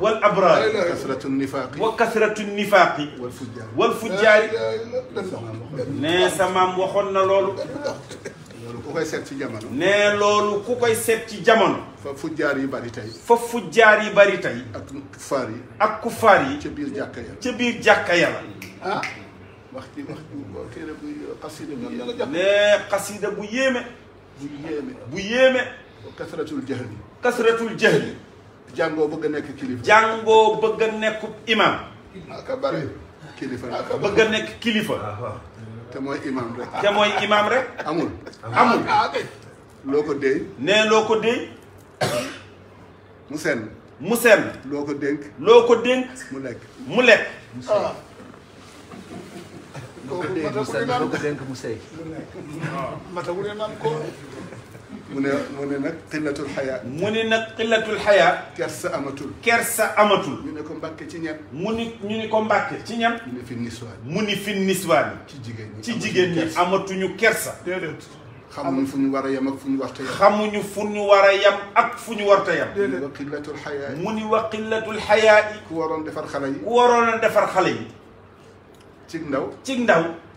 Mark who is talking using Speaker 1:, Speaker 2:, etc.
Speaker 1: wal abraar kasratu nifaaqi wa kasratu nifaaqi wal fujjaari nee sa maam waxoon na loolu. loolu ku koy seet ci jamono. nee loolu ku koy seet ci jamono. fa fujjaar yi bari tey. fa fujjaar yi bari tey. ak kufaar yi. ak kufaar yi. ca biir jàkka yàlla. ca biir jàkka yàlla. ah wax ci wax ci xasida bu yéeme. nee xasida bu yéeme. bu yéeme. bu yéeme. kasratul jahli. kasratul jahli. jàngoo bëgg a nekk kilifa. jàngoo bëgg a nekk kilifa te mooy imam rek. te mooy imam rek. amul ah, loo ko déy. nee loo ko déy. mu senn. mu senn. loo ko dénk. loo ko dénk. mu lekk mu lekk. mu ah. ko déy mu senn loo mu ne mu ne nag xillatul xayaa. mu ne nag xillatul xayaa. kersa amatul. kersa amatul. ñu ne ko mbàkke ci ñan. mu ni ñu ne ko mbàkke ci ñan. mu ni fi niswaan. mu ni fi niswaan. ci jigéen ñi ci jigéen ñi amatuñu kersa. déedéet. xamuñu fu ñu war a yem ak fu ñu warta yem. xamuñu fu ñu war a yem ak fu ñu warta yem. déedéet mu ni wa xillatul xayaa. mu ni wa xillatul xayaa. ku waroon defar xale yi. ku waroon defar xale yi. cig ndaw cig ndaw.